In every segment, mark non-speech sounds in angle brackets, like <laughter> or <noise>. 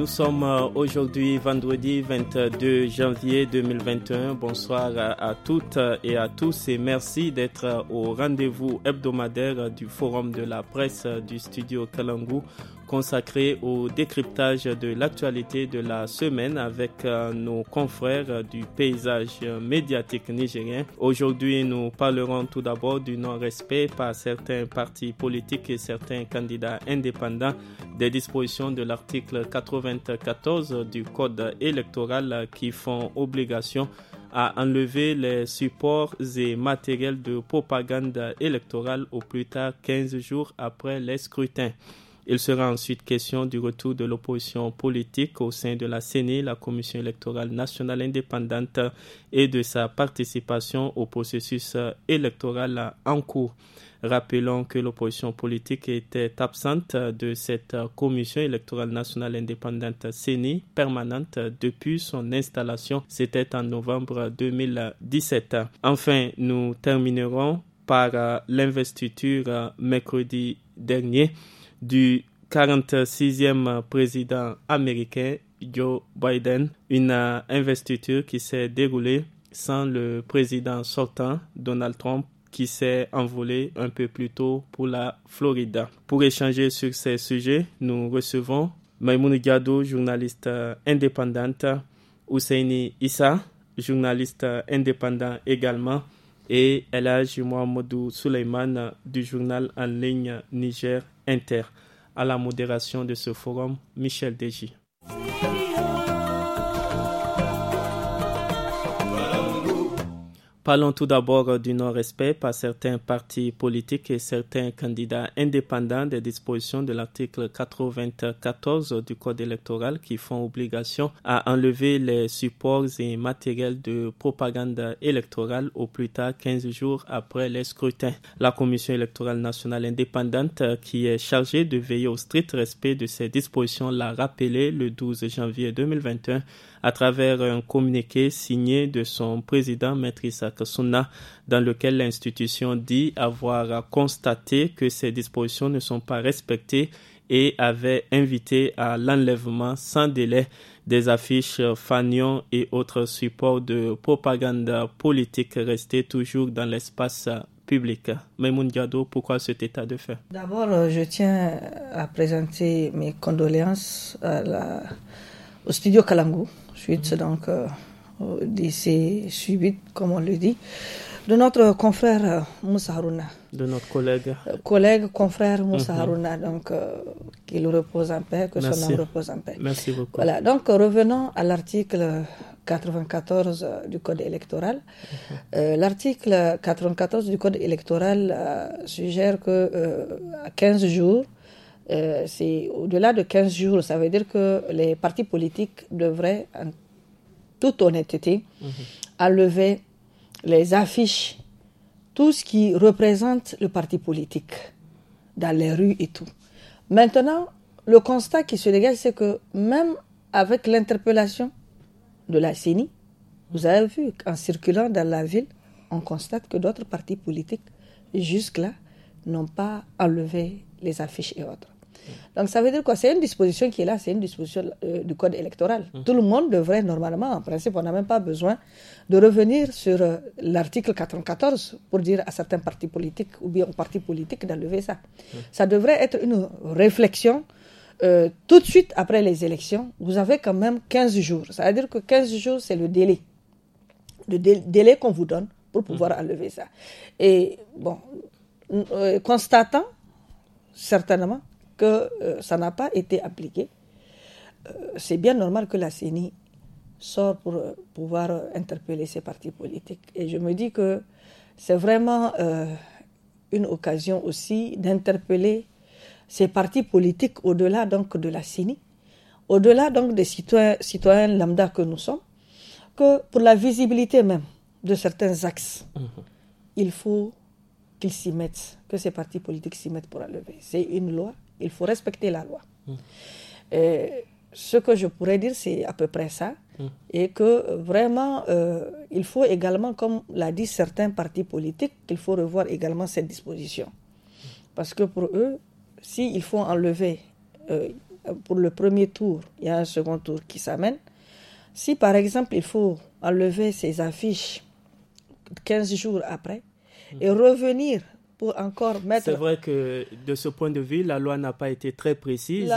Nous sommes euh, aujourd'hui vendredi 22 janvier 2021. Bonsoir à toutes et à tous et merci d'être euh, au rendez-vous hebdomadaire du Forum de la presse euh, du studio Kalangou consacré au décryptage de l'actualité de la semaine avec euh, nos confrères du paysage médiatique nigérien. Aujourd'hui, nous parlerons tout d'abord du non-respect par certains partis politiques et certains candidats indépendants des dispositions de l'article 94 du Code électoral qui font obligation à enlever les supports et matériels de propagande électorale au plus tard 15 jours après les scrutins. Il sera ensuite question du retour de l'opposition politique au sein de la CENI, la Commission électorale nationale indépendante, et de sa participation au processus électoral en cours. Rappelons que l'opposition politique était absente de cette commission électorale nationale indépendante CENI permanente depuis son installation. C'était en novembre 2017. Enfin, nous terminerons par l'investiture mercredi dernier du 46e président américain Joe Biden, une investiture qui s'est déroulée sans le président sortant Donald Trump qui s'est envolé un peu plus tôt pour la Floride. Pour échanger sur ces sujets, nous recevons Maimoun Gado, journaliste indépendante, Husseini Issa, journaliste indépendant également, et Elhaj Mohamedou Suleiman du journal en ligne Niger Inter. À la modération de ce forum, Michel Deji. Parlons tout d'abord du non-respect par certains partis politiques et certains candidats indépendants des dispositions de l'article 94 du Code électoral qui font obligation à enlever les supports et matériels de propagande électorale au plus tard 15 jours après les scrutins. La Commission électorale nationale indépendante qui est chargée de veiller au strict respect de ces dispositions l'a rappelé le 12 janvier 2021 à travers un communiqué signé de son président Maître Issa dans lequel l'institution dit avoir constaté que ces dispositions ne sont pas respectées et avait invité à l'enlèvement sans délai des affiches fanions et autres supports de propagande politique restés toujours dans l'espace public. Maimoun Diado, pourquoi cet état de fait D'abord, euh, je tiens à présenter mes condoléances au studio Kalangu suite donc euh, d'ici ces comme on le dit, de notre confrère euh, Moussa Harouna. De notre collègue. Euh, collègue, confrère Moussa mhm. donc qui qu'il repose en paix, que son âme repose en paix. Merci beaucoup. Voilà, donc revenons à l'article 94 du Code électoral. Mhm. l'article 94 du Code électoral suggère que à 15 jours, euh, c'est au-delà de 15 jours. Ça veut dire que les partis politiques devraient, en toute honnêteté, mhm. enlever les affiches, tout ce qui représente le parti politique dans les rues et tout. Maintenant, le constat qui se dégage, c'est que même avec l'interpellation de la CENI, vous avez vu qu'en circulant dans la ville, on constate que d'autres partis politiques, jusque-là, n'ont pas enlevé les affiches et autres. Donc ça veut dire quoi C'est une disposition qui est là, c'est une disposition euh, du code électoral. Mmh. Tout le monde devrait normalement, en principe, on n'a même pas besoin de revenir sur euh, l'article 94 pour dire à certains partis politiques ou bien aux partis politiques d'enlever ça. Mmh. Ça devrait être une réflexion euh, tout de suite après les élections, vous avez quand même 15 jours. Ça veut dire que 15 jours, c'est le délai. Le délai, qu'on vous donne pour pouvoir mmh. enlever ça. Et bon, constatant, certainement, que euh, ça n'a pas été appliqué, euh, c'est bien normal que la CENI sort pour euh, pouvoir interpeller ces partis politiques. Et je me dis que c'est vraiment une occasion aussi d'interpeller ces partis politiques au-delà donc de la CENI, au-delà donc des citoyens, lambda que nous sommes, que pour la visibilité même de certains axes, mm-hmm. il faut qu'ils s'y mettent, que ces partis politiques s'y mettent pour la lever. C'est une loi, il faut respecter la loi. Mm. ce que je pourrais dire, c'est à peu près ça. Mm. Et que euh, vraiment, euh, il faut également, comme l'a dit certains partis politiques, qu'il faut revoir également cette disposition. Parce que pour eux, s'il faut enlever, euh, pour le premier tour, il y a un second tour qui s'amène. Si par exemple, il faut enlever ces affiches 15 jours après mm. et revenir pour encore mettre. C'est vrai que de ce point de vue, la loi n'a pas été très précise.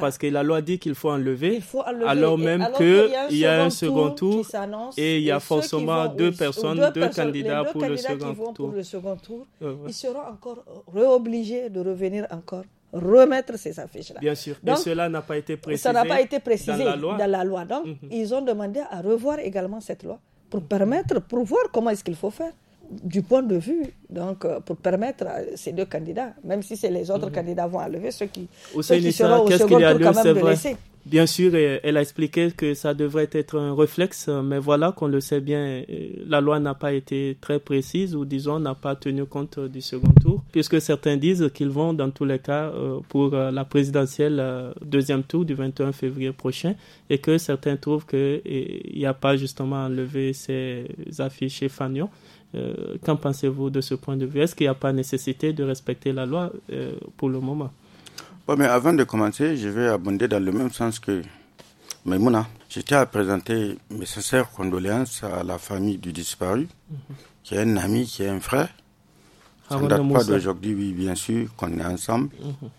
Parce que la loi dit qu'il faut enlever. Alors même qu'il y, y a un second tour, et il y a forcément deux personnes, deux, candidats, pour, le le second tour. Ils seront encore obligés de revenir encore remettre ces affiches-là. Bien sûr, mais cela n'a pas été précisé. Ça n'a pas été précisé dans la loi. Donc, mhm. ils ont demandé à revoir également cette loi pour permettre, pour voir comment est-ce qu'il faut faire du point de vue, donc, euh, pour permettre à ces deux candidats, même si c'est les autres mhm. candidats vont enlever ceux qui, ceux qui seront au second quand même de Bien sûr, elle a expliqué que ça devrait être un réflexe, euh, mais voilà qu'on le sait bien, euh, la loi n'a pas été très précise ou disons n'a pas tenu compte du second tour, puisque certains disent qu'ils vont dans tous les cas pour la présidentielle deuxième tour du 21 février prochain et que certains trouvent qu'il n'y a pas justement enlevé ces affiches fanion euh, qu'en pensez-vous de ce point de vue Est-ce qu'il n'y a pas nécessité de respecter la loi euh, pour le moment mais Avant de commencer, je vais abonder dans le même sens que Maimouna. J'étais à présenter mes sincères condoléances à la famille du disparu, mhm. qui est un ami, qui est un frère. Ça ne date pas d'aujourd'hui, oui, bien sûr, qu'on est ensemble. Mhm.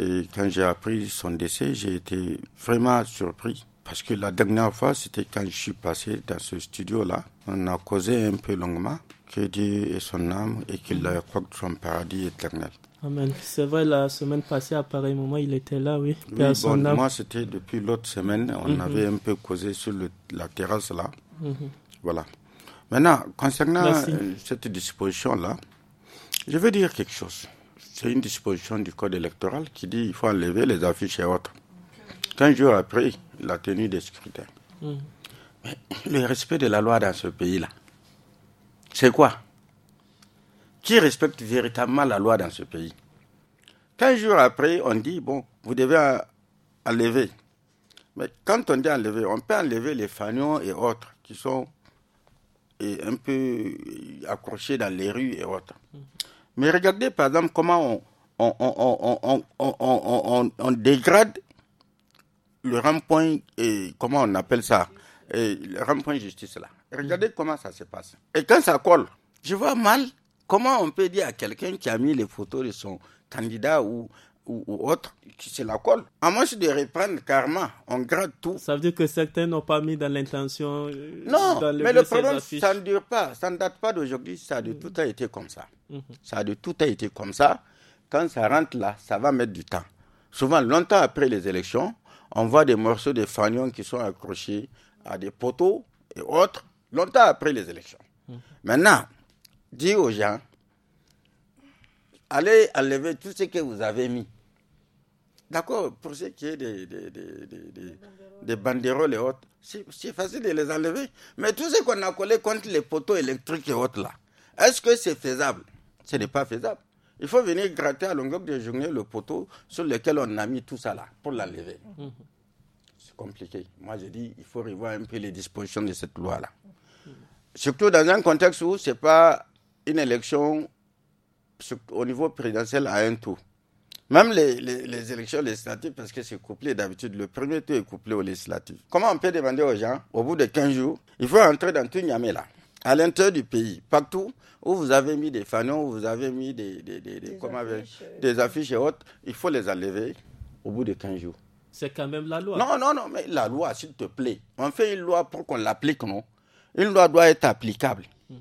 Et quand j'ai appris son décès, j'ai été vraiment surpris parce que la dernière fois, c'était quand je suis passé dans ce studio-là. On a causé un peu longuement que Dieu est son âme et qu'il la de son paradis éternel. Amen. C'est vrai, la semaine passée, à pareil moment, il était là, oui. oui bon, moi, c'était depuis l'autre semaine. On mhm. avait un peu causé sur la terrasse là. Mhm. Voilà. Maintenant, concernant euh, cette disposition-là, je veux dire quelque chose. C'est une disposition du code électoral qui dit qu'il faut enlever les affiches et autres. Quinze jours après, la tenue des scrutins. Hmm. le respect de la loi dans ce pays-là, c'est quoi Qui respecte véritablement la loi dans ce pays Quinze jours après, on dit, bon, vous devez enlever. Mais quand on dit enlever, on peut enlever les fanions et autres qui sont un peu accrochés dans les rues et autres. Hmm. Mais regardez par exemple comment on, on dégrade le rond comment on appelle ça Le rond justice là. Regardez mm. comment ça se passe. Et quand ça colle, je vois mal comment on peut dire à quelqu'un qui a mis les photos de son candidat ou ou, autre, qui c'est la colle. À moins de reprendre karma, on gratte tout. Ça veut dire que certains n'ont pas mis dans l'intention. Euh, non, mais le problème, ça ne dure pas, ça ne date pas d'aujourd'hui, ça a de mm. tout a été comme ça. Mm-hmm. Ça a de tout a été comme ça. Quand ça rentre là, ça va mettre du temps. Souvent, longtemps après les élections, on voit des morceaux de fanions qui sont accrochés à des poteaux et autres, longtemps après les élections. Mm. Maintenant, dis aux gens, allez enlever tout ce que vous avez mis. D'accord, pour ce qui est des, des, des, des banderoles et autres, c'est facile de les enlever. Mais tout ce qu'on a collé contre les poteaux électriques et autres là, est-ce que c'est faisable Ce n'est pas faisable. Il faut venir gratter à longueur de journée le poteau sur lequel on a mis tout ça là pour l'enlever. Mhm. C'est compliqué. Moi, je dis il faut revoir un peu les dispositions de cette loi-là. Surtout dans un contexte où ce n'est pas une élection au niveau présidentiel à un tour. Même les, les, élections législatives, parce que c'est couplé d'habitude, le premier tour est couplé au législatives. Comment on peut demander aux gens, au bout de 15 jours, il faut entrer dans tout là à l'intérieur du pays, partout où vous avez mis des fanons, où vous avez mis des, des, des, comment affiches, euh. des affiches et autres, il faut les enlever au bout de 15 jours. C'est quand même la loi. Non, non, non, mais la loi, s'il te plaît. On fait une loi pour qu'on l'applique, non Une loi doit être applicable. Mm-hmm.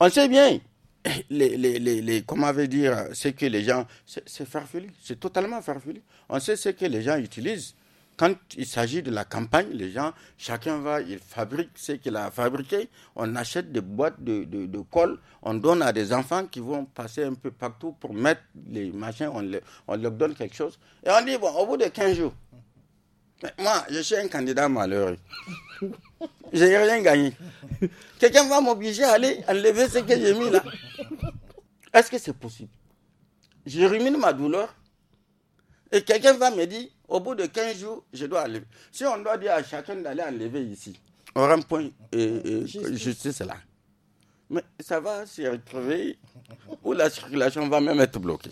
On sait bien, <coughs> les, les, les, comment veut dire, ce que les gens. C'est farfelu, c'est totalement farfelu. On sait ce que les gens utilisent quand il s'agit de la campagne, les gens, chacun va, il fabrique ce qu'il a fabriqué, on achète des boîtes de, de, colle, on donne à des enfants qui vont passer un peu partout pour mettre les machins, on, on leur donne quelque chose. Et on dit, bon, au bout de 15 jours, moi, je suis un candidat malheureux. Je n'ai rien gagné. Quelqu'un va m'obliger à aller enlever ce que j'ai mis là. Est-ce que c'est possible Je rumine ma douleur et quelqu'un va me dire au bout de 15 jours, je dois enlever. Si on doit dire à chacun d'aller enlever ici, on un point et, euh, euh, justice là. Mais ça va se retrouver où la circulation va même être bloquée.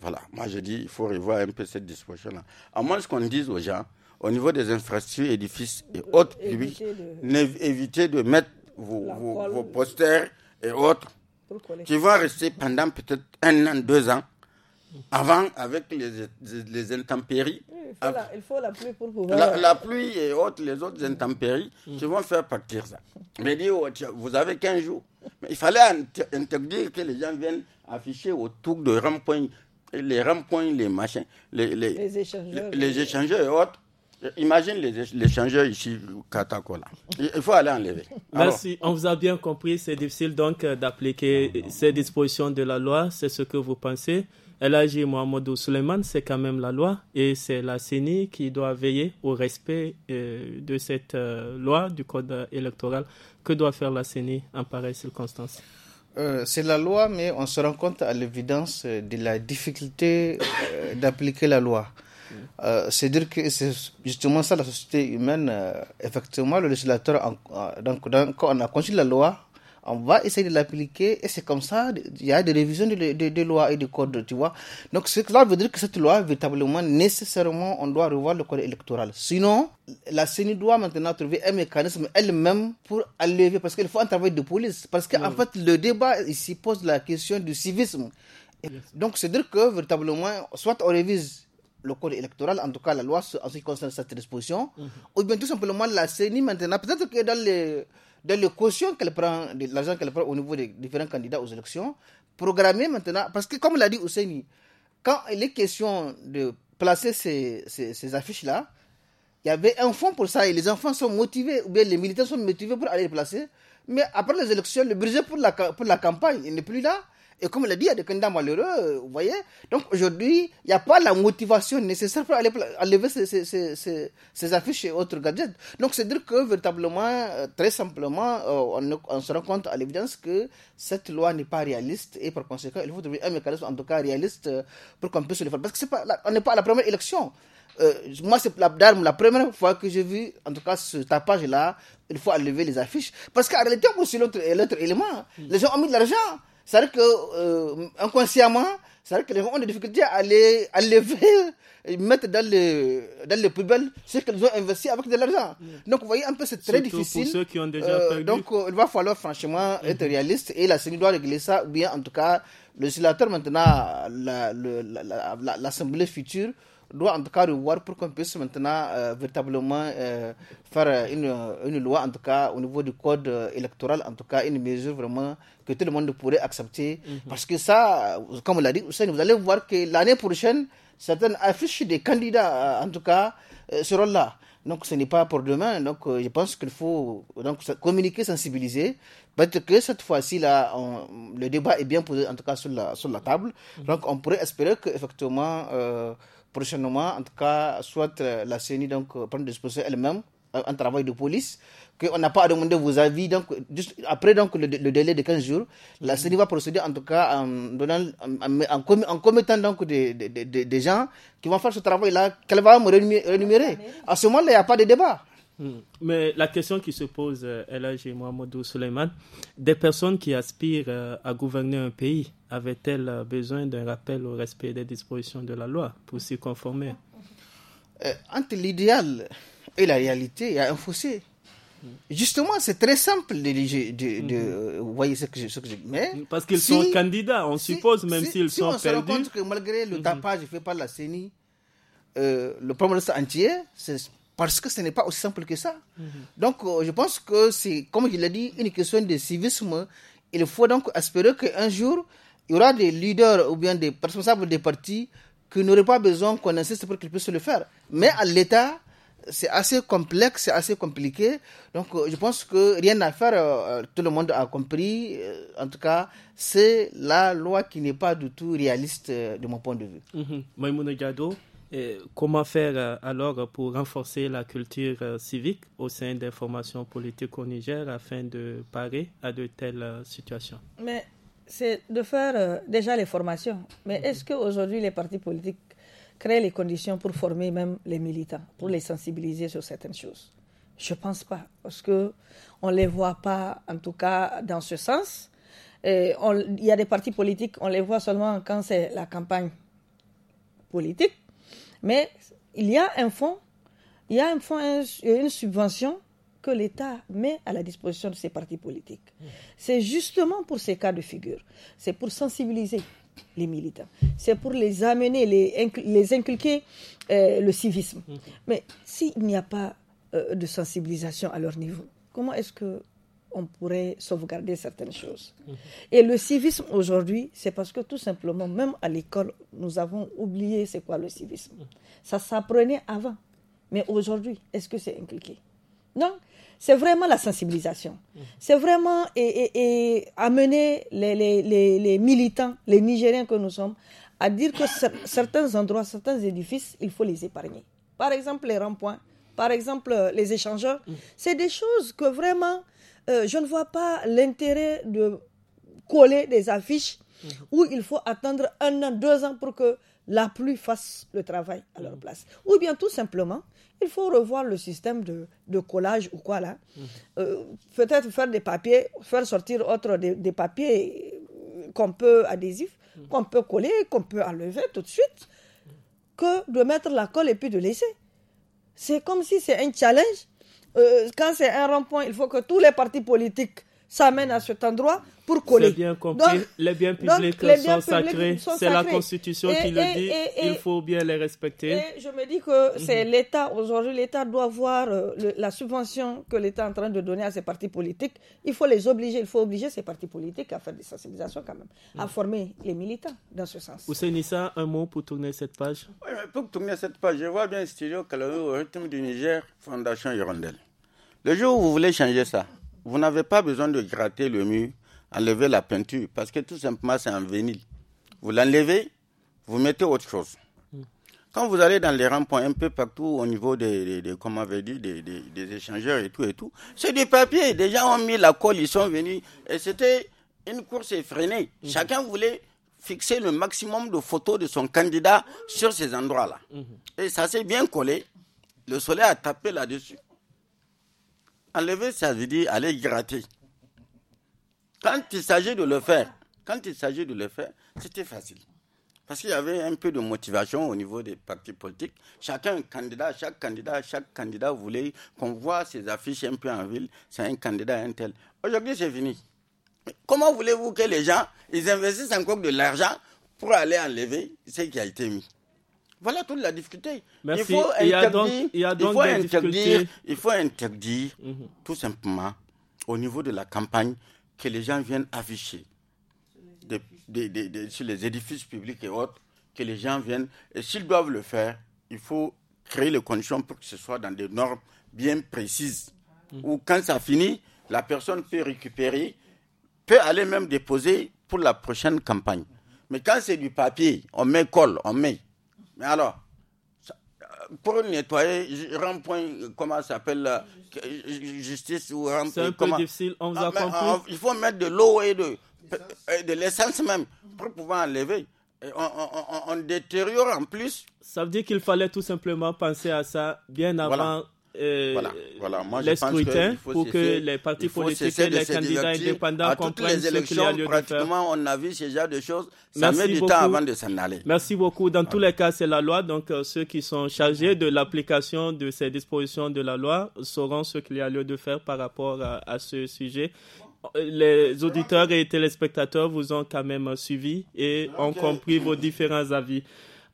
Voilà, moi je dis, il faut revoir un peu cette disposition-là. À moins qu'on dise aux gens, au niveau des infrastructures, édifices et autres publics, évitez, de mettre vos, vos posters et autres qui vont rester pendant peut-être un an, deux ans avant avec les, les intempéries. il, faut la, pluie pour pouvoir. La, pluie et autres, les autres mm. intempéries mmh. qui vont faire partir ça. Mais dit, oh, vous avez 15 jours. Mais il fallait interdire que les gens viennent afficher autour de rampoints, les rampoints, les machins, les, les, les échangeurs, les, échangeurs et autres. Imagine les, échangeurs ici, Katakola. Il faut aller enlever. Merci. On vous a bien compris. C'est difficile donc euh, d'appliquer ces dispositions de la loi. C'est ce que vous pensez. Elhaji Mohamedou Suleiman, c'est quand même la loi et c'est la CENI qui doit veiller au respect euh, de cette euh, loi du code euh, électoral. Que doit faire la CENI en pareille circonstance c'est la loi, mais on se rend compte à l'évidence de la difficulté d'appliquer la loi. c'est dire que c'est justement ça la société humaine. effectivement, le législateur, donc, quand on a conçu la loi, on va essayer de l'appliquer et c'est comme ça, il y a des révisions de, lois et de codes, tu vois. Donc cela veut dire que cette loi, véritablement, nécessairement, on doit revoir le code électoral. Sinon, la CENI doit maintenant trouver un mécanisme elle-même pour enlever, parce qu'il faut un travail de police, parce qu'en fait, le débat ici pose la question du civisme. Donc c'est dire que véritablement, soit on révise le code électoral, en tout cas la loi en ce qui concerne cette disposition, mhm. ou bien tout simplement la CENI maintenant, peut-être que dans les de les qu'elle prend, l'argent qu'elle prend au niveau des différents candidats aux élections, programmer maintenant, parce que comme l'a dit Ousseini, quand il est question de placer ces, ces, affiches-là, il y avait un fonds pour ça et les enfants sont motivés, ou bien les militants sont motivés pour aller les placer. Mais après les élections, le budget pour la, pour la campagne, il n'est plus là. Et comme l'a dit, il y a des candidats malheureux, vous voyez. Donc aujourd'hui, il n'y a pas la motivation nécessaire pour aller enlever ces, ces, affiches et autres gadgets. Donc c'est dire que véritablement, euh, très simplement, euh, on, se rend compte à l'évidence que cette loi n'est pas réaliste et par conséquent, il faut trouver un mécanisme en tout cas réaliste euh, pour qu'on puisse le faire. Parce qu'on on n'est pas à la première élection. moi, c'est la, la, première fois que j'ai vu, en tout cas, ce tapage-là. Il faut enlever les affiches. Parce qu'en réalité, c'est l'autre élément. Hmm. Les gens ont mis de l'argent cest vrai qu'inconsciemment que, euh, inconsciemment, cest vrai que les gens ont des difficultés à les, à lever, <laughs> et mettre dans les, dans poubelles ce qu'ils ont investi avec de l'argent. Mm. Donc, vous voyez un peu, c'est très difficile. qui ont euh, donc, euh, il va falloir franchement mm-hmm. être réaliste et la CENI doit régler ça, ou bien en tout cas, le législateur maintenant, l'Assemblée la, future, doit en tout cas revoir pour qu'on puisse maintenant euh, véritablement euh, faire une, une, loi, en tout cas au niveau du code euh, électoral, en tout cas une mesure vraiment que tout le monde pourrait accepter. Mhm. Parce que ça, comme on l'a dit, vous allez voir que l'année prochaine, certaines affiches des candidats, en tout cas, seront là. Donc ce n'est pas pour demain. Donc je pense qu'il faut donc, communiquer, sensibiliser. Peut-être que cette fois-ci, là, le débat est bien posé, en tout cas sur la, sur la table. Mhm. Donc on pourrait espérer qu'effectivement... effectivement prochainement, en tout cas, soit euh, la CENI donc, euh, des disposition elle-même euh, un travail de police, qu'on n'a pas à demander vos avis. Donc, juste après donc, le, délai de 15 jours, la CENI va procéder en tout cas en, en, commettant donc des, des, des, gens qui vont faire ce travail-là, qu'elle va me rémunérer. À ce moment-là, il n'y a pas de débat. Mm. Mais la question qui se pose, euh, là Mohamedou Suleiman, des personnes qui aspirent euh, à gouverner un pays avaient-elles euh, besoin d'un rappel au respect des dispositions de la loi pour s'y conformer Entre l'idéal et la réalité, il y a un fossé. Mm. Justement, c'est très simple de, de, mm-hmm. vous voyez ce que je, ce parce qu'ils sont candidats, on suppose même s'ils sont perdus on se rend compte que malgré le mm-hmm. tapage fait par la CENI, le premier ministre entier, c'est parce que ce n'est pas aussi simple que ça. Mhm. Donc, euh, je pense que c'est, comme je l'ai dit, une question de civisme. Il faut donc espérer qu'un jour, il y aura des leaders ou bien des responsables des partis qui n'auraient pas besoin qu'on insiste pour qu'ils puissent le faire. Mais à l'État, c'est assez complexe, c'est assez compliqué. Donc, euh, je pense que rien à faire, euh, tout le monde a compris. En tout cas, c'est la loi qui n'est pas du tout réaliste de mon point de vue. Mhm comment faire euh, alors pour renforcer la culture euh, civique au sein des formations politiques au Niger afin de parer à de telles euh, situations Mais c'est de faire déjà les formations. Mais est-ce qu'aujourd'hui les partis politiques créent les conditions pour former même les militants, pour les sensibiliser sur certaines choses Je ne pense pas, parce qu'on ne les voit pas, en tout cas dans ce sens. Il y a des partis politiques, on les voit seulement quand c'est la campagne politique. Mais il y a un fonds, il y a une subvention que l'État met à la disposition de ses partis politiques. C'est justement pour ces cas de figure. C'est pour sensibiliser les militants. C'est pour les amener, les, inculquer euh, le civisme. Mm-hmm. Mais s'il n'y a pas euh, de sensibilisation à leur niveau, comment est-ce que on pourrait sauvegarder certaines choses. Et le civisme aujourd'hui, c'est parce que tout simplement, même à l'école, nous avons oublié c'est quoi le civisme. Ça s'apprenait avant. Mais aujourd'hui, est-ce que c'est impliqué Non, c'est vraiment la sensibilisation. C'est vraiment et, amener les, militants, les Nigériens que nous sommes, à dire que certains endroits, certains édifices, il faut les épargner. Par exemple, les ronds-points, par exemple, euh, les échangeurs. Mm. C'est des choses que vraiment euh, je ne vois pas l'intérêt de coller des affiches mhm. où il faut attendre un an, deux ans pour que la pluie fasse le travail à leur mhm. place. Ou bien tout simplement, il faut revoir le système de, de collage ou quoi là. Mhm. Euh, peut-être faire des papiers, faire sortir autre des, papiers qu'on peut adhésif, qu'on peut coller, qu'on peut enlever tout de suite, que de mettre la colle et puis de laisser. C'est comme si c'est un challenge euh, quand c'est un rond-point, il faut que tous les partis politiques ça amène à cet endroit pour coller. bien compris. Donc, les biens publics, les sont, sacrés. C'est la Constitution qui le dit. il faut bien les respecter. Et je me dis que mhm. c'est l'État, aujourd'hui, l'État doit voir euh, la subvention que l'État est en train de donner à ses partis politiques. Il faut les obliger, il faut obliger ces partis politiques à faire des sensibilisations quand même, à mhm. former les militants dans ce sens. Nissa, un mot pour tourner cette page oui, Pour tourner cette page, je vois bien Studio Caloré au rythme du Niger, Fondation Hirondelle. Le jour où vous voulez changer ça, vous n'avez pas besoin de gratter le mur, enlever la peinture, parce que tout simplement, c'est un vinyle. Vous l'enlevez, vous mettez autre chose. Quand vous allez dans les rangs, un peu partout au niveau des, des, avait dit, des, échangeurs et tout et tout, c'est du papier. déjà gens ont mis la colle, ils sont venus. Et c'était une course effrénée. Mhm. Chacun voulait fixer le maximum de photos de son candidat sur ces endroits-là. Mhm. Et ça s'est bien collé. Le soleil a tapé là-dessus. Enlever, ça veut dire aller gratter. Quand il s'agit de le faire, quand il s'agit de le faire, c'était facile. Parce qu'il y avait un peu de motivation au niveau des partis politiques. Chacun candidat, chaque candidat, chaque candidat voulait qu'on voit ses affiches un peu en ville. C'est un candidat, un tel. Aujourd'hui, c'est fini. Comment voulez-vous que les gens, ils investissent encore de l'argent pour aller enlever ce qui a été mis voilà toute la difficulté. Il faut interdire, mhm. tout simplement au niveau de la campagne que les gens viennent afficher sur les édifices publics et autres, que les gens viennent. Et s'ils doivent le faire, il faut créer les conditions pour que ce soit dans des normes bien précises. Mhm. Ou quand ça finit, la personne peut récupérer, peut aller même déposer pour la prochaine campagne. Mais quand c'est du papier, on met colle, on met. Mais alors, euh, pour nettoyer, rond-point, comment ça s'appelle euh, Justice ou rond C'est un peu difficile, on vous a ah, compris euh, Il faut mettre de l'eau et de, l'essence même pour pouvoir enlever. Et on, détériore en plus. Ça veut dire qu'il fallait tout simplement penser à ça bien avant euh, voilà, voilà. Moi, les scrutins pour que les partis politiques et les candidats indépendants comprennent les ce qu'il y a lieu pratiquement, de faire. on a vu ce genre de choses. Ça met du temps avant de s'en aller. Merci beaucoup. Dans tous les cas, c'est la loi. Donc, euh, ceux qui sont chargés de l'application de ces dispositions de la loi sauront ce qu'il y a lieu de faire par rapport à, à ce sujet les auditeurs et téléspectateurs vous ont quand même suivi et ont compris vos différents avis.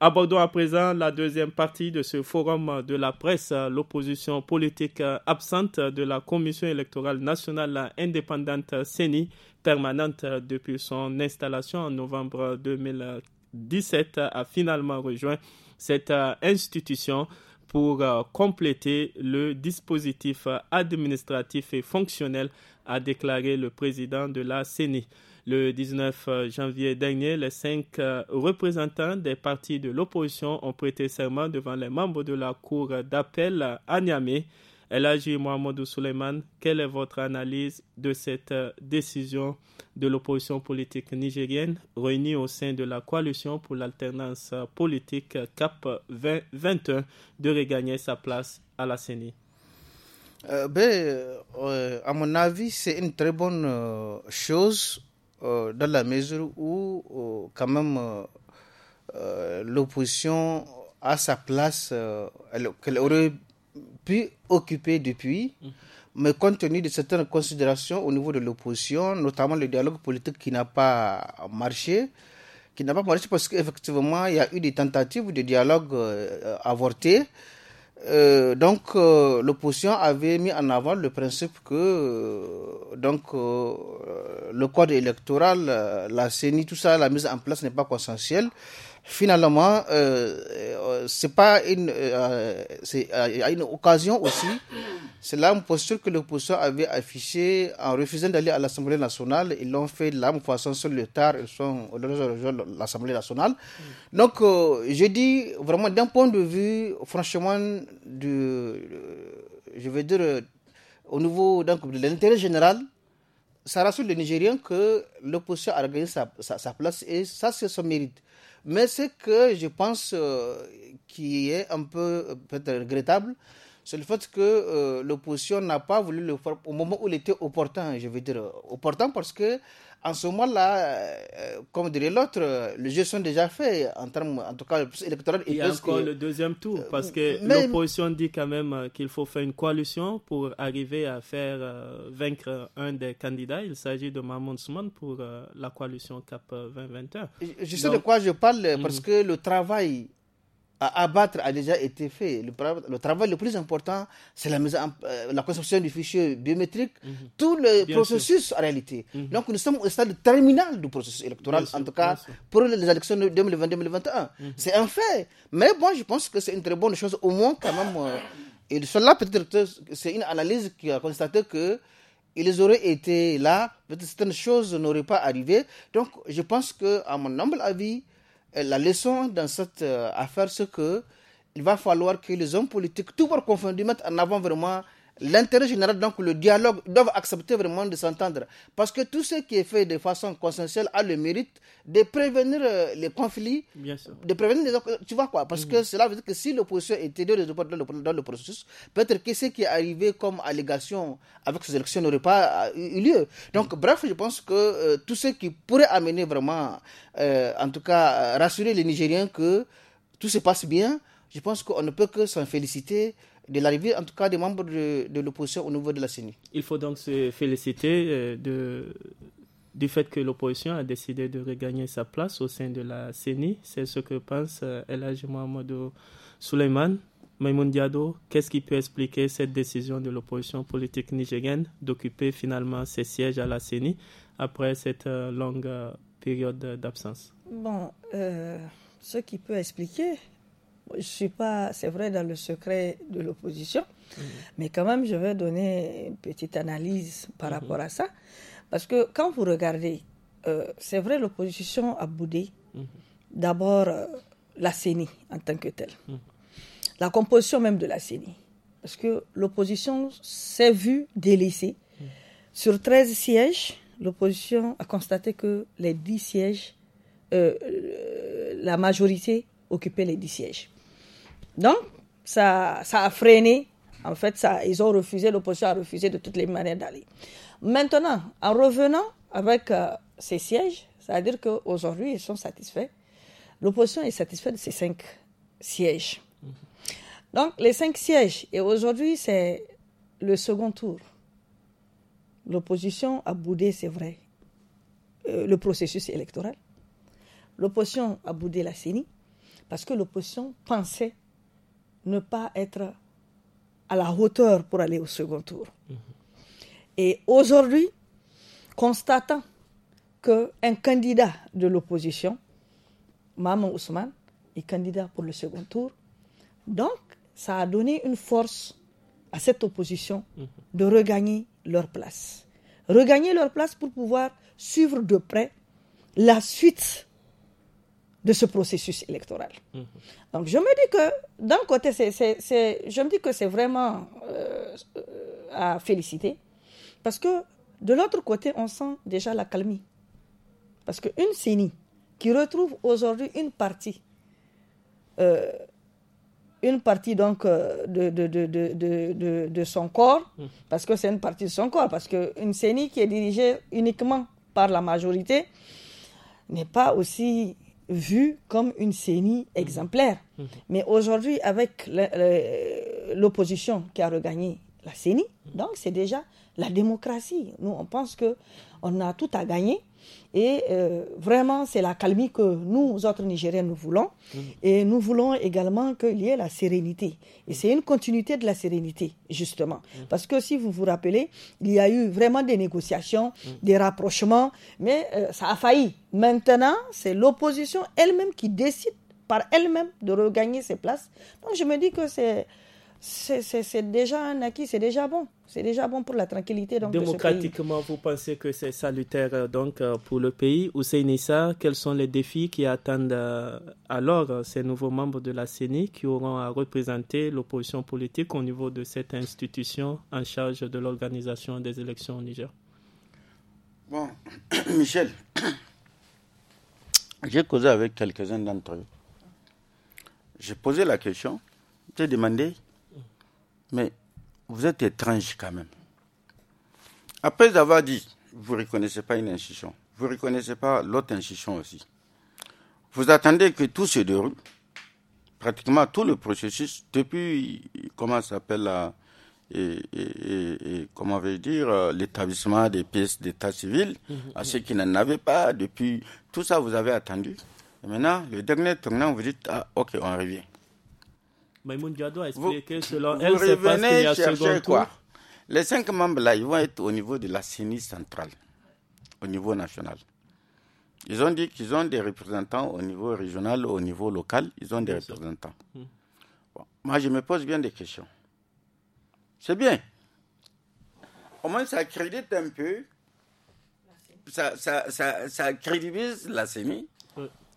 Abordons à présent la deuxième partie de ce forum de la presse, l'opposition politique absente de la Commission électorale nationale indépendante CENI, permanente depuis son installation en novembre 2017, a finalement rejoint cette institution pour euh, compléter le dispositif administratif et fonctionnel, a déclaré le président de la CENI. Le 19 euh, janvier dernier, les cinq euh, représentants des partis de l'opposition ont prêté serment devant les membres de la Cour d'appel à Niamey. dit, Mohamedou Suleiman, quelle est votre analyse de cette euh, décision de l'opposition politique nigérienne réunie au sein de la coalition pour l'alternance politique CAP 2021 de regagner sa place à la CENI ben, À mon avis, c'est une très bonne chose euh, dans la mesure où, euh, quand même, euh, l'opposition a sa place qu'elle aurait pu occuper depuis. Mhm. Mais compte tenu de certaines considérations au niveau de l'opposition, notamment le dialogue politique qui n'a pas marché, qui n'a pas marché parce qu'effectivement, il y a eu des tentatives de dialogue avortées. Euh, donc euh, l'opposition avait mis en avant le principe que euh, donc le code électoral, la CENI, tout ça, la mise en place n'est pas consensuelle finalement, euh, euh, c'est pas une, euh, euh, une occasion aussi. C'est une posture que l'opposition avait affichée en refusant d'aller à l'Assemblée nationale. Ils l'ont fait l'âme façon sur le tard. Ils sont l'Assemblée nationale. Donc, je dis vraiment d'un point de vue, franchement, du, je veux dire, au niveau donc, de l'intérêt général, ça rassure les Nigériens que l'opposition a regagné sa, place et ça, c'est son mérite. Mais ce que je pense euh, qui est un peu euh, peut-être regrettable, c'est le fait que euh, l'opposition n'a pas voulu le faire au moment où il était opportun, je veux dire. Euh, opportun parce que en ce moment-là, euh, comme dirait l'autre, les jeux sont déjà faits en termes, en tout cas, électoral. Il y a encore le deuxième tour parce que l'opposition dit quand même qu'il faut faire une coalition pour arriver à faire vaincre un des candidats. Il s'agit de Mahmoud Souman pour la coalition CAP 2021. Je, je sais de quoi je parle mm. parce que le travail à abattre a déjà été fait. Le, travail le plus important, c'est la, mise euh, la du fichier biométrique, mhm. tout le processus en réalité. Mhm. Donc nous sommes au stade terminal du processus électoral, en tout cas pour les élections de 2020-2021. Mhm. C'est un fait. Mais bon, je pense que c'est une très bonne chose, au moins quand même. Euh, et cela, peut-être, c'est une analyse qui a constaté que ils auraient été là, peut-être certaines choses n'auraient pas arrivé. Donc je pense que, à mon humble avis, euh, la leçon dans cette euh, affaire, c'est que il va falloir que les hommes politiques, tout par confondu, mettent en avant vraiment l'intérêt général, donc le dialogue, doivent accepter vraiment de s'entendre. Parce que tout ce qui est fait de façon consensuelle a le mérite de prévenir euh, les conflits. Bien sûr. De prévenir les... Tu vois quoi Parce que mhm. cela veut dire que si l'opposition était de dans, dans le, processus, peut-être que ce qui est arrivé comme allégation avec ces élections n'aurait pas euh, eu lieu. Donc, mhm. bref, je pense que euh, tout ce qui pourrait amener vraiment, en tout cas, rassurer les Nigériens que tout se passe bien, je pense qu'on ne peut que s'en féliciter de l'arrivée, en tout cas, des membres de, l'opposition au niveau de la CENI. Il faut donc se féliciter euh, de, du fait que l'opposition a décidé de regagner sa place au sein de la CENI. C'est ce que pense euh, Elhaj Mohamedou Suleiman. Maïmoun Diado, qu'est-ce qui peut expliquer cette décision de l'opposition politique nigérienne d'occuper finalement ses sièges à la CENI après cette euh, longue période d'absence Bon, ce qui peut expliquer, je suis pas, c'est vrai, dans le secret de l'opposition, mhm. mais quand même, je vais donner une petite analyse par mhm. rapport à ça. Parce que quand vous regardez, euh, c'est vrai, l'opposition a boudé mhm. d'abord euh, la CENI en tant que telle, la composition même de la CENI. Parce que l'opposition s'est vue délaissée. Sur 13 sièges, l'opposition a constaté que les 10 sièges, euh, la majorité occuper les 10 sièges. Donc, ça, ça a freiné. En fait, ça, ils ont refusé, l'opposition a refusé de toutes les manières d'aller. Maintenant, en revenant avec euh, ces sièges, c'est-à-dire qu'aujourd'hui, ils sont satisfaits. L'opposition est satisfaite de ces cinq sièges. Donc, les cinq sièges, et aujourd'hui, c'est le second tour. L'opposition a boudé, c'est vrai, euh, le processus électoral. L'opposition a boudé la CENI. Parce que l'opposition pensait ne pas être à la hauteur pour aller au second tour. Mm-hmm. Et aujourd'hui, constatant qu'un candidat de l'opposition, Maman Ousmane, est candidat pour le second tour, donc ça a donné une force à cette opposition mm-hmm. de regagner leur place. Regagner leur place pour pouvoir suivre de près la suite de ce processus électoral. Mmh. Donc je me dis que d'un côté, je me dis que c'est vraiment euh, à féliciter, parce que de l'autre côté, on sent déjà la calmie. Parce qu'une CENI qui retrouve aujourd'hui une partie, euh, une partie donc euh, de, de, son corps, mmh. parce que c'est une partie de son corps, parce qu'une CENI qui est dirigée uniquement par la majorité n'est pas aussi vu comme une sénie mhm. exemplaire. Mhm. Mais aujourd'hui, avec l'opposition qui a regagné la CENI. Donc c'est déjà la démocratie. Nous, on pense que on a tout à gagner. Et euh, vraiment, c'est la calmie que nous autres Nigériens, nous voulons. Mm. Et nous voulons également qu'il y ait la sérénité. Et c'est une continuité de la sérénité, justement. Mm. Parce que si vous vous rappelez, il y a eu vraiment des négociations, mm. des rapprochements, mais euh, ça a failli. Maintenant, c'est l'opposition elle-même qui décide par elle-même de regagner ses places. Donc je me dis que c'est c'est déjà un acquis, c'est déjà bon. C'est déjà bon pour la tranquillité. Donc, Démocratiquement, vous pensez que c'est salutaire euh, donc, euh, pour le pays Ousseï Nissa, quels sont les défis qui attendent euh, alors ces nouveaux membres de la CENI qui auront à représenter l'opposition politique au niveau de cette institution en charge de l'organisation des élections au Niger Bon, <coughs> Michel, <coughs> j'ai causé avec quelques-uns d'entre eux. J'ai posé la question, j'ai demandé mais vous êtes étrange quand même. Après avoir dit, vous ne reconnaissez pas une institution, vous ne reconnaissez pas l'autre institution aussi. Vous attendez que tout se déroule, pratiquement tout le processus, depuis, comment ça s'appelle, la, et, comment dire euh, l'établissement des pièces d'état civil mhm, mhm. à ceux qui n'en avaient pas depuis tout ça vous avez attendu et maintenant le dernier tournant vous dites ah ok on revient Maïmoun Diado a expliqué vous, selon elle, c'est parce qu'il y a second quoi Les cinq membres là, ils vont être au niveau de la CENI centrale, au niveau national. Ils ont dit qu'ils ont des représentants au niveau régional, au niveau local, ils ont des représentants. Hmm. moi, je me pose bien des questions. C'est bien. Au moins, ça crédite un peu, ça, ça crédibilise la CENI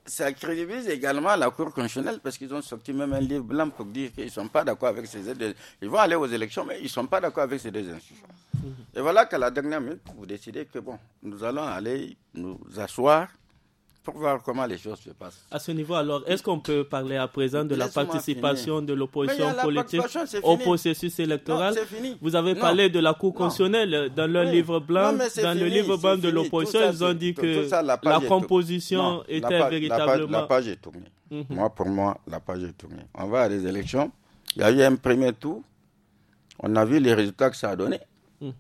ça crédibilise également la Cour constitutionnelle parce qu'ils ont sorti même un livre blanc pour dire qu'ils ne sont pas d'accord avec ces deux. Ils vont aller aux élections, mais ils ne sont pas d'accord avec ces deux institutions. Mhm. Et voilà qu'à la dernière minute, vous décidez que bon, nous allons aller nous asseoir pour voir comment les choses se passent. À ce niveau, alors, est-ce qu'on peut parler à présent de la participation de l'opposition politique au processus électoral Vous avez parlé de la Cour constitutionnelle dans leur livre blanc, dans le livre blanc de l'opposition, ils ont dit que la, composition était véritablement. La page, est tournée. Mhm. Moi, pour moi, la page est tournée. On va à des élections. Il y a eu un premier tour. On a vu les résultats que ça a donné. Mhm.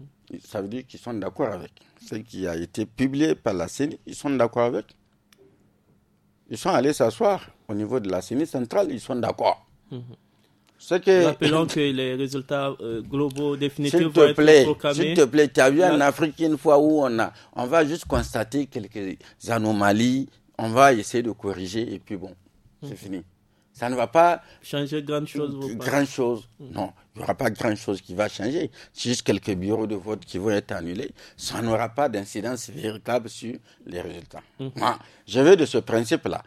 Ça veut dire qu'ils sont d'accord avec. Ce qui a été publié par la CENI, ils sont d'accord avec. Ils sont allés s'asseoir au niveau de la CENI centrale, ils sont d'accord. Mhm. Rappelons que les résultats euh, globaux définitifs vont te plaît, S'il te plaît, tu as vu en Afrique une fois où on, a, on va juste constater quelques anomalies, on va essayer de corriger et puis bon, c'est mhm. fini ça ne va pas changer grand-chose. Grand-chose. Mm. Non, il n'y aura pas grand-chose qui va changer. Juste quelques bureaux de vote qui vont être annulés, ça n'aura pas d'incidence véritable sur les résultats. Mm. Moi, je vais de ce principe-là.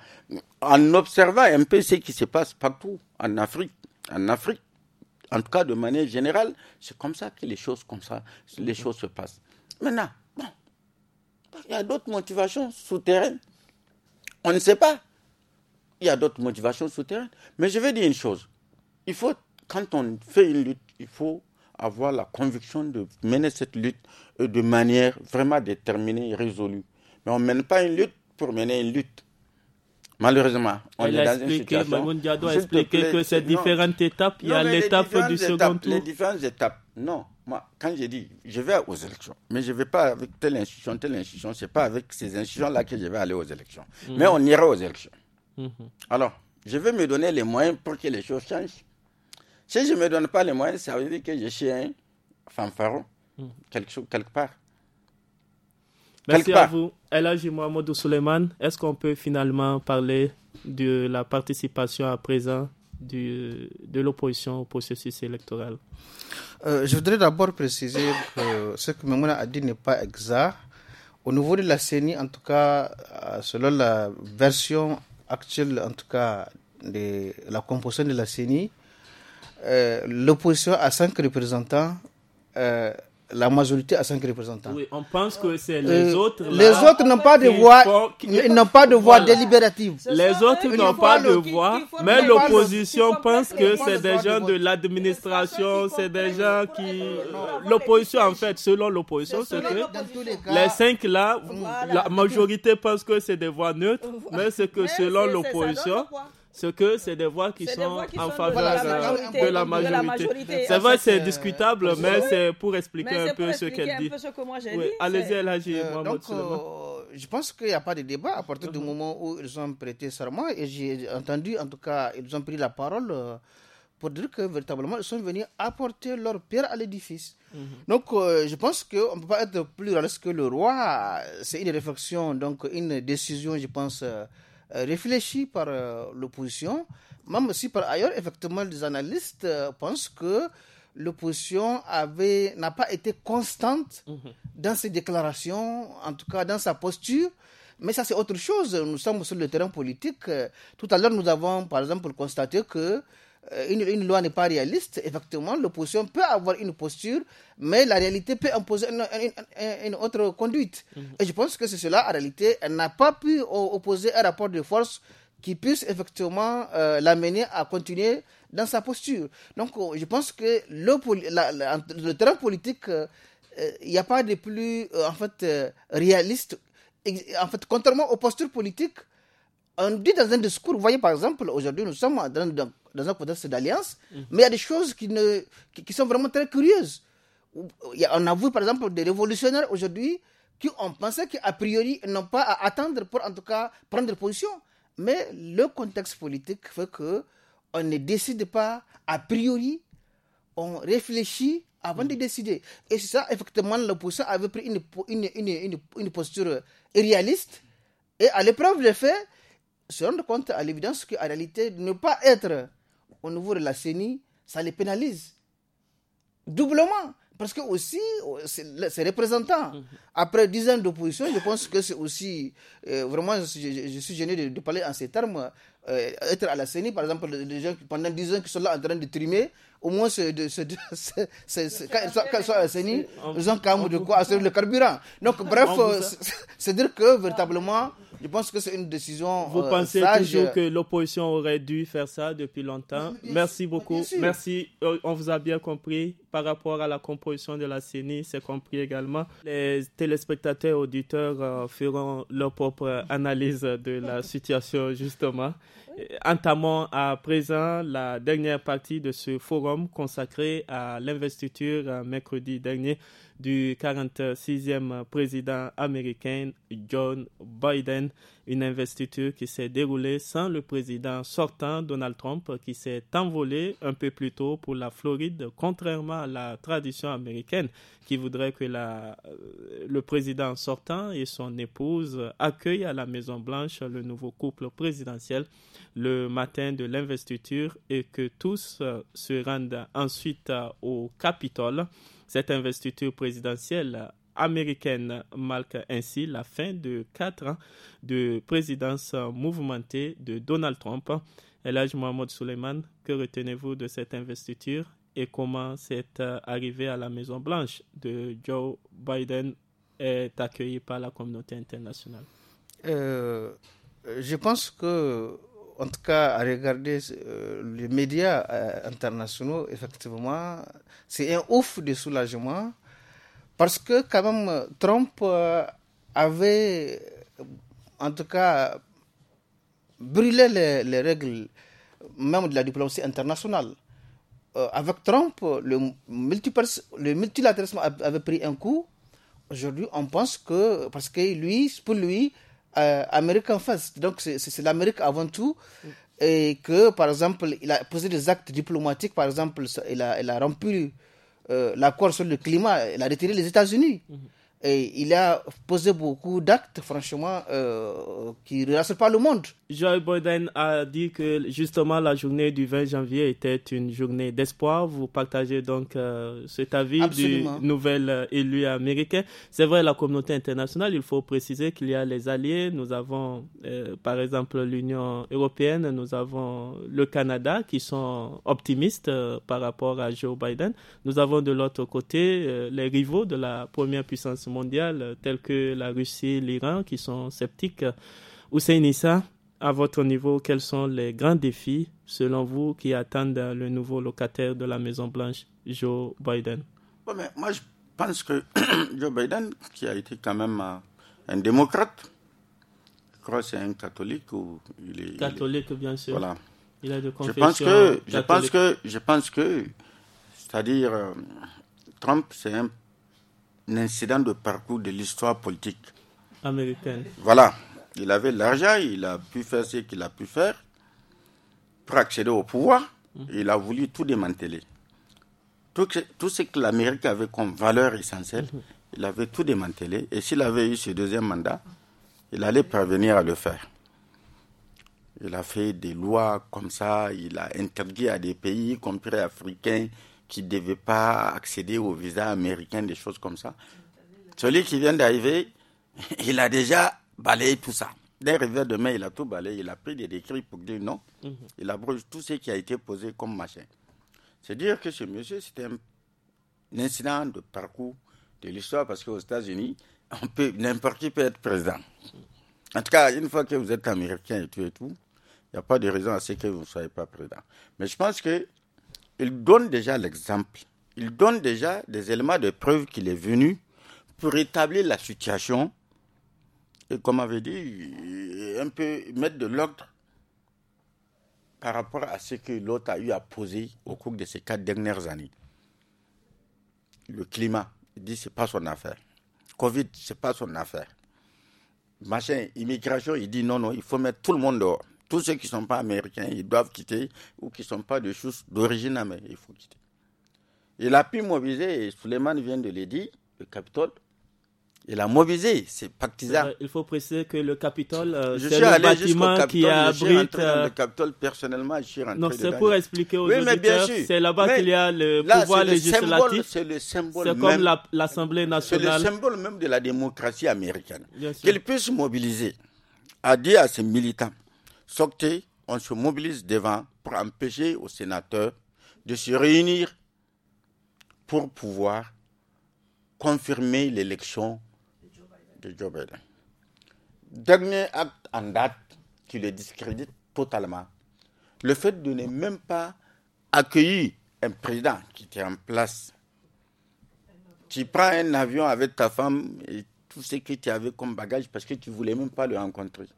En observant un peu ce qui se passe partout en Afrique, en Afrique, en tout cas de manière générale, c'est comme ça que les choses, comme ça, les choses se passent. Maintenant, bon, il y a d'autres motivations souterraines. On ne sait pas il y a d'autres motivations souterraines. Mais je vais dire une chose. Il faut, quand on fait une lutte, il faut avoir la conviction de mener cette lutte de manière vraiment déterminée et résolue. Mais on ne mène pas une lutte pour mener une lutte. Malheureusement, on est dans une situation. Diado a expliqué que ces différentes étapes, il y a l'étape du second tour. Les différentes étapes, non. Moi, quand j'ai dit, je vais aux élections, mais je ne vais pas avec telle institution, telle institution, ce n'est pas avec ces institutions-là que je vais aller aux élections. Hmm. Mais on ira aux élections. Mhm. Alors, je vais me donner les moyens pour que les choses changent. Si je ne me donne pas les moyens, ça veut dire que je suis un fanfaron, mhm. quelque, part. Merci à vous. est-ce qu'on peut finalement parler de la participation à présent du, de l'opposition au processus électoral euh, Je voudrais d'abord préciser que euh, ce que Memouna a dit n'est pas exact. Au niveau de la CENI, en tout cas, euh, selon la version actuelle, en tout cas, de la composition de la CENI, euh, l'opposition a cinq représentants, euh, la majorité a cinq représentants. Oui, on pense que c'est euh, les autres. les autres n'ont pas de voix, n'ont pas de voix délibérative. Les autres n'ont pas de voix, mais l'opposition pense que c'est des gens de l'administration, c'est des gens qui. L'opposition, en fait, selon l'opposition, c'est que les cinq là, la majorité pense que c'est des voix neutres, mais c'est que selon l'opposition ce que c'est des voix qui, sont, en faveur de, la, majorité. C'est vrai, c'est discutable, mais c'est pour expliquer un peu ce qu'elle dit. Allez-y, elle euh, Donc, euh, je pense qu'il n'y a pas de débat à partir du moment où ils ont prêté serment et j'ai entendu, en tout cas, ils ont pris la parole euh, pour dire que véritablement, ils sont venus apporter leur pierre à l'édifice. Mhm. Donc, euh, je pense qu'on ne peut pas être plus réaliste que le roi. C'est une réflexion, donc une décision, je pense, euh, réfléchi par euh, l'opposition, même si par ailleurs, effectivement, les analystes euh, pensent que l'opposition n'a pas été constante mhm. dans ses déclarations, en tout cas dans sa posture. Mais ça, c'est autre chose. Nous sommes sur le terrain politique. Tout à l'heure, nous avons, par exemple, constaté que euh, une, loi n'est pas réaliste, effectivement, l'opposition peut avoir une posture, mais la réalité peut imposer une, autre conduite. Mhm. Et je pense que c'est cela, en réalité, elle n'a pas pu opposer un rapport de force qui puisse effectivement euh, l'amener à continuer dans sa posture. Donc, euh, je pense que le, le terrain politique, il n'y a pas de plus, en fait, réaliste. En fait, contrairement aux postures politiques, on dit dans un discours, vous voyez par exemple, aujourd'hui, nous sommes dans, dans, dans un contexte d'alliance, mhm. mais il y a des choses qui, ne, qui, sont vraiment très curieuses. on a vu par exemple des révolutionnaires aujourd'hui qui ont pensé qu'a priori n'ont pas à attendre pour en tout cas prendre position. Mais le contexte politique fait que on ne décide pas a priori, on réfléchit avant de mhm. décider. Et c'est ça, effectivement, l'opposition avait pris une, une, une, une, posture irréaliste et à l'épreuve des faits, se rendre compte à l'évidence qu'en réalité, ne pas être au niveau de la CENI, ça les pénalise. Doublement. Parce que aussi, euh, ces représentants, mhm. après dix ans d'opposition, je pense que c'est aussi, euh, vraiment, je, suis gêné de, parler en ces termes, euh, être à la CENI, par exemple, des gens qui pendant dix ans qui sont là en train de trimer, au moins, de, ce, de, <laughs> quand, ils sont, à la CENI, ils ont quand même de quoi assurer le carburant. Donc, bref, c'est dire que véritablement, je pense que c'est une décision. Vous euh, pensez toujours que l'opposition aurait dû faire ça depuis longtemps. Merci beaucoup. Merci. Euh, on vous a bien compris par rapport à la composition de la CENI, c'est compris également. Les téléspectateurs, auditeurs euh, feront leur propre analyse de la <laughs> situation justement. Entamons à présent la dernière partie de ce forum consacré à l'investiture mercredi dernier du 46e président américain John Biden, une investiture qui s'est déroulée sans le président sortant Donald Trump qui s'est envolé un peu plus tôt pour la Floride, contrairement à la tradition américaine qui voudrait que euh, le président sortant et son épouse accueillent à la Maison-Blanche le nouveau couple présidentiel le matin de l'investiture et que tous euh, se rendent ensuite euh, au Capitole. Cette investiture présidentielle américaine marque ainsi la fin de quatre ans de présidence mouvementée de Donald Trump. Elhaj Mohamed Suleiman, que retenez-vous de cette investiture et comment cette arrivée à la Maison-Blanche de Joe Biden est accueillie par la communauté internationale euh, Je pense que en tout cas, à regarder euh, les médias euh, internationaux, effectivement, c'est un ouf de soulagement parce que, quand même, Trump euh, avait, en tout cas, brûlé les, règles même de la diplomatie internationale. avec Trump, le, le multilatéralisme avait pris un coup. Aujourd'hui, on pense que, parce que lui, pour lui, euh, Amérique en face. Donc, c'est l'Amérique avant tout. Et que, par exemple, il a posé des actes diplomatiques. Par exemple, il a, rompu euh, l'accord sur le climat. Il a retiré les États-Unis. Mhm. Et il a posé beaucoup d'actes, franchement, euh, qui ne rassurent pas le monde. Joe Biden a dit que justement la journée du 20 janvier était une journée d'espoir. Vous partagez donc euh, cet avis du nouvel euh, élu américain. C'est vrai, la communauté internationale, il faut préciser qu'il y a les alliés. Nous avons, par exemple, l'Union européenne, nous avons le Canada qui sont optimistes par rapport à Joe Biden. Nous avons de l'autre côté les rivaux de la première puissance mondiale tels euh, telles que la Russie l'Iran, qui sont sceptiques. Hussein Issa, à votre niveau, quels sont les grands défis, selon vous, qui attendent le nouveau locataire de la Maison-Blanche, Joe Biden Moi, je pense que <clears throat> Joe Biden, qui a été quand même euh, un démocrate, je crois que c'est un catholique ou il est. Catholique, bien sûr. Voilà. Il a de je pense que, je pense que, je pense que, c'est-à-dire, euh, Trump, c'est un incident de parcours de l'histoire politique américaine. Voilà, il avait l'argent, il a pu faire ce qu'il a pu faire pour accéder au pouvoir. Mhm. Il a voulu tout démanteler. Tout, ce que l'Amérique avait comme valeur essentielle, mhm. il avait tout démantelé. Et s'il avait eu ce deuxième mandat, il allait parvenir à le faire. Il a fait des lois comme ça, il a interdit à des pays, y compris africains, qui ne devait pas accéder au visa américain, des choses comme ça. Celui qui vient d'arriver, <laughs> il a déjà balayé tout ça. Dès de demain, il a tout balayé. Il a pris des décrits pour dire non. Mhm. Il abroge tout ce qui a été posé comme machin. C'est dire que ce monsieur, c'était un, incident de parcours de l'histoire parce qu'aux États-Unis, n'importe qui peut être président. En tout cas, une fois que vous êtes américain et tout et tout, il n'y a pas de raison à ce que vous ne soyez pas président. Mais je pense que il donne déjà l'exemple. Il donne déjà des éléments de preuve qu'il est venu pour établir la situation et, comme on avait dit, un peu mettre de l'ordre par rapport à ce que l'autre a eu à poser au cours de ces quatre dernières années. Le climat, il dit, c'est pas son affaire. Covid, c'est pas son affaire. Machin, immigration, il dit non, non, il faut mettre tout le monde dehors. Tous ceux qui ne sont pas américains, ils doivent quitter, ou qui ne sont pas de choses d'origine américaine, il faut quitter. Il a pu mobiliser, et Suleiman vient de le dire, le Capitole. Il a mobilisé ses partisans. il faut préciser que le Capitole, euh, c'est le bâtiment qui abrite. le euh, Capitole personnellement, je suis rentré. Non, c'est pour expliquer aux auditeurs, c'est là-bas qu'il y a le pouvoir législatif. C'est le symbole. C'est comme l'Assemblée nationale. C'est le symbole même de la démocratie américaine. Qu'il puisse mobiliser, a dit à ses militants, Socté, on se mobilise devant pour empêcher aux sénateurs de se réunir pour pouvoir confirmer l'élection de Joe Biden. Dernier acte en date qui le discrédite totalement, le fait de ne même pas accueillir un président qui était en place. Tu prends un avion avec ta femme et tout ce que tu avais comme bagage parce que tu ne voulais même pas le rencontrer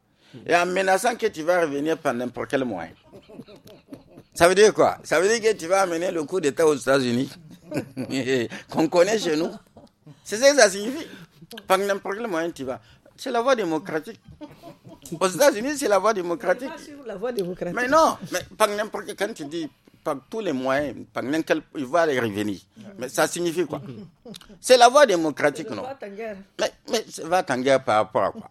et en menaçant que tu vas revenir par n'importe quel moyen. Ça veut dire quoi Ça veut dire que tu vas amener le coup d'État aux États-Unis, <laughs> qu'on connaît chez nous. C'est ça que ça signifie. Par n'importe quel moyen, tu vas. C'est la voie démocratique. Aux États-Unis, c'est la voie démocratique. Mais non, mais par n'importe quand tu dis par tous les moyens, par n'importe il va revenir. Mais ça signifie quoi C'est la voie démocratique, non Mais, mais va en guerre par rapport à quoi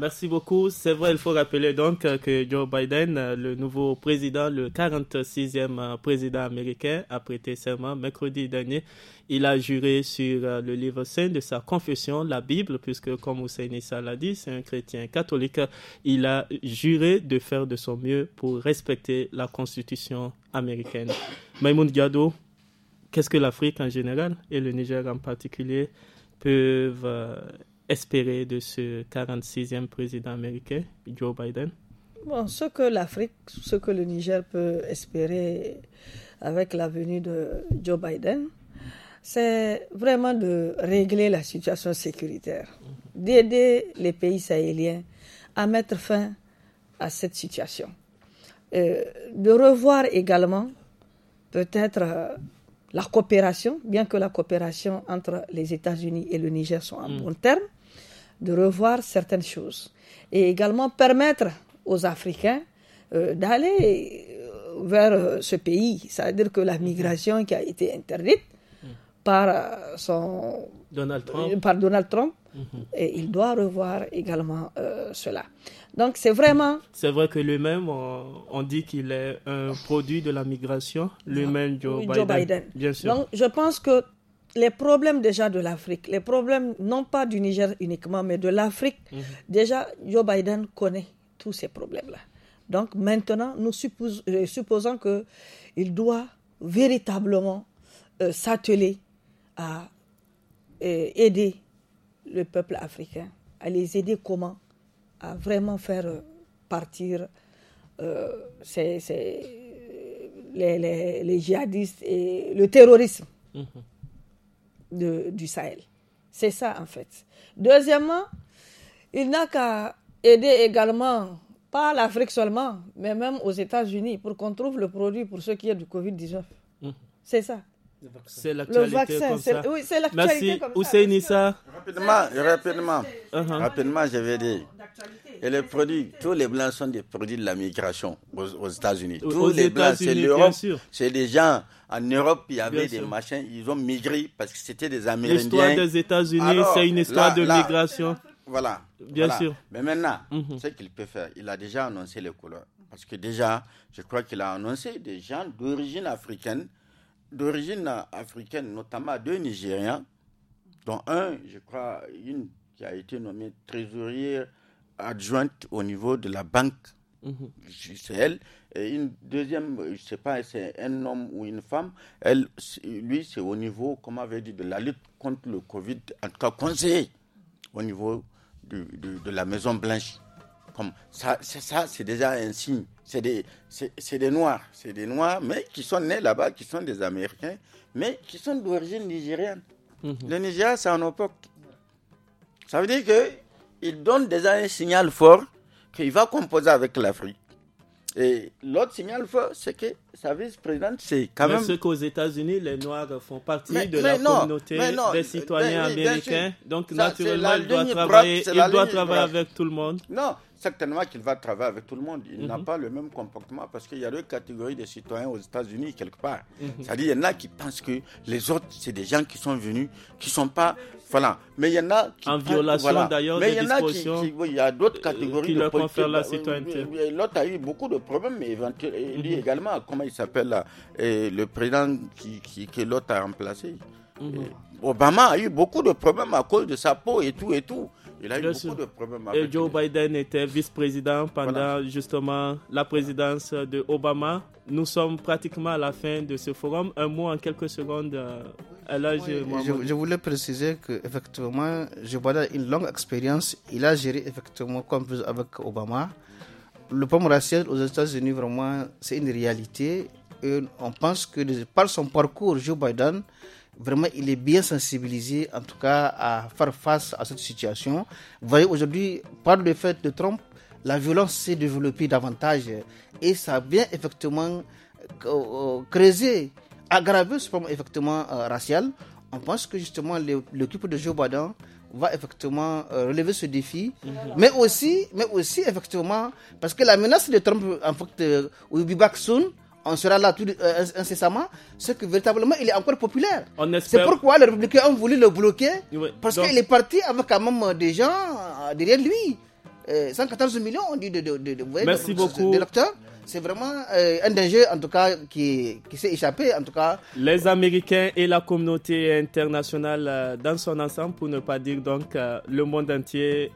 Merci beaucoup. C'est vrai, il faut rappeler donc euh, que Joe Biden, euh, le nouveau président, le 46e euh, président américain, a prêté serment mercredi dernier. Il a juré sur le livre saint de sa confession, la Bible, puisque comme Hussein Issa l'a dit, c'est un chrétien catholique. Il a juré de faire de son mieux pour respecter la Constitution américaine. Maïmoun Gado, qu'est-ce que l'Afrique en général et le Niger en particulier peuvent espérer de ce 46e président américain, Joe Biden bon, Ce que l'Afrique, ce que le Niger peut espérer avec la venue de Joe Biden, c'est vraiment de régler la situation sécuritaire, mhm. d'aider les pays sahéliens à mettre fin à cette situation. Euh, de revoir également peut-être euh, la coopération, bien que la coopération entre les États-Unis et le Niger soit en mhm. bon terme, de revoir certaines choses et également permettre aux Africains euh, d'aller euh, vers euh, ce pays. C'est-à-dire que la migration qui a été interdite par son Donald Trump, mhm. et il doit revoir également cela. Donc c'est vraiment. C'est vrai que lui-même, on, dit qu'il est un produit de la migration, lui-même Joe, Biden, Donc je pense que les problèmes déjà de l'Afrique, les problèmes non pas du Niger uniquement, mais de l'Afrique, mhm. déjà Joe Biden connaît tous ces problèmes-là. Donc maintenant, nous euh, supposons qu'il doit véritablement euh, s'atteler à euh, aider le peuple africain, à les aider comment À vraiment faire partir les, djihadistes et le terrorisme. Mhm du Sahel. C'est ça, en fait. Deuxièmement, il n'a qu'à aider également, pas l'Afrique seulement, mais même aux États-Unis, pour qu'on trouve le produit pour ceux qui est du Covid-19. Mmh. C'est ça. C'est l'actualité comme ça. c'est l'actualité comme ça. Rapidement, rapidement, uh-huh. rapidement, je vais dire. Et les produits, tous les blancs sont des produits de la migration aux, États-Unis. Tous les blancs, c'est l'Europe. C'est des gens en Europe, il y avait des machins, ils ont migré parce que c'était des Amérindiens. L'histoire des États-Unis, c'est une histoire de migration. Voilà. Bien sûr. Mais maintenant, mm-hmm. ce qu'il peut faire, il a déjà annoncé les couleurs. Parce que déjà, je crois qu'il a annoncé des gens d'origine africaine d'origine africaine, notamment deux Nigériens, dont un, je crois, une qui a été nommée trésorier adjointe au niveau de la banque. C'est elle. Et une deuxième, je ne sais pas, c'est un homme ou une femme. Elle, lui, c'est au niveau, comment avait dit, de la lutte contre le Covid, en tout cas conseiller au niveau de la Maison Blanche ça, c'est déjà un signe. C'est des, des, Noirs, c'est des Noirs, mais qui sont nés là-bas, qui sont des Américains, mais qui sont d'origine nigériane. Mhm. Le Nigeria, c'est en époque. Ça veut dire que il donne déjà un signal fort qu'il va composer avec l'Afrique. Et l'autre signal fort, c'est que sa vice-présidente, c'est quand mais même. qu'aux États-Unis, les Noirs font partie de la communauté des citoyens américains. Donc, naturellement, il doit travailler, il doit travailler avec tout le monde. Non, certainement qu'il va travailler avec tout le monde. Il n'a mhm. pas le même comportement parce qu'il y a deux catégories de citoyens aux États-Unis, quelque part. Mhm. C'est-à-dire, il y en a qui pensent que les autres, c'est des gens qui sont venus, qui ne sont pas voilà. Mais il y en a qui. En violation d'ailleurs Mais il y en a qui. il y a d'autres euh, catégories. Qui de leur confèrent la citoyenneté. L'autre a eu beaucoup de problèmes, mais éventuellement, mhm. également, comment il s'appelle euh, le président qui, qui que l'autre a remplacé. Mhm. Obama a eu beaucoup de problèmes à cause de sa peau et tout et tout. Il a eu beaucoup de problèmes avec Joe Biden était vice-président pendant justement la présidence de Obama. Nous sommes pratiquement à la fin de ce forum. Un mot en quelques secondes. Euh, je, voulais préciser qu'effectivement, Joe Biden a une longue expérience. Il a géré effectivement comme avec Obama. Le problème racial aux États-Unis, vraiment, c'est une réalité. on pense que par son parcours, Joe Biden Vraiment, il est bien sensibilisé, en tout cas, à faire face à cette situation. Vous voyez, aujourd'hui, par le fait de Trump, la violence s'est développée davantage et ça vient effectivement euh, euh, creuser, aggraver ce problème effectivement euh, racial. On pense que justement l'équipe de Joe Biden va effectivement relever ce défi, mais aussi, mais aussi effectivement, parce que la menace de Trump, en fait, will be back soon, on sera là tout euh, incessamment, Ce que véritablement il est encore populaire. C'est pourquoi les républicains ont voulu le bloquer, parce qu'il est parti avec un même euh, des gens euh, derrière lui. 114 millions, on dit, de, de, de, C'est vraiment un danger, en tout cas, qui, qui s'est échappé, en tout cas. Les Américains et la communauté internationale dans son ensemble, pour ne pas dire donc le monde entier,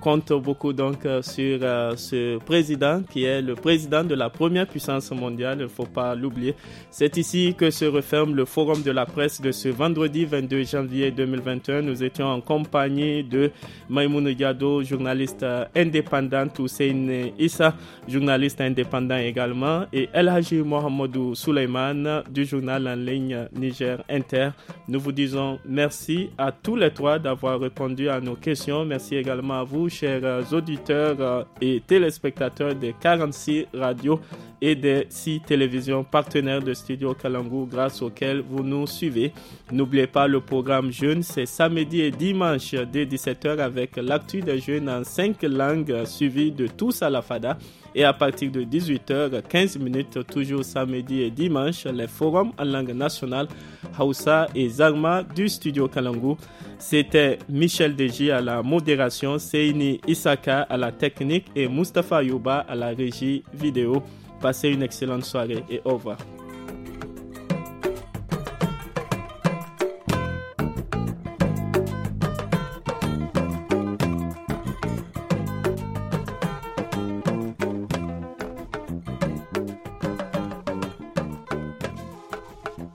compte beaucoup donc euh, sur euh, ce président qui est le président de la première puissance mondiale, il ne faut pas l'oublier. C'est ici que se referme le forum de la presse de ce vendredi 22 janvier 2021. Nous étions en compagnie de Maïmoun Diado, journaliste euh, indépendante, Hussein Issa, journaliste indépendant également, et El Haji Mohamedou Souleyman du journal en ligne Niger Inter. Nous vous disons merci à tous les trois d'avoir répondu à nos questions. Merci également à vous chers euh, auditeurs euh, et téléspectateurs des 46 radios et des 6 télévisions partenaires de Studio Kalangou, grâce auxquels vous nous suivez. N'oubliez pas le programme Jeunes, c'est samedi et dimanche dès 17h avec l'actu des jeunes en 5 langues suivi de tous à la FADA. Et à partir de 18h15, toujours samedi et dimanche, les forums en langue nationale Hausa et Zarma du studio Kalangu. C'était Michel Deji à la modération, Seini Isaka à la technique et Mustafa Yuba à la régie vidéo. Passez une excellente soirée et au revoir.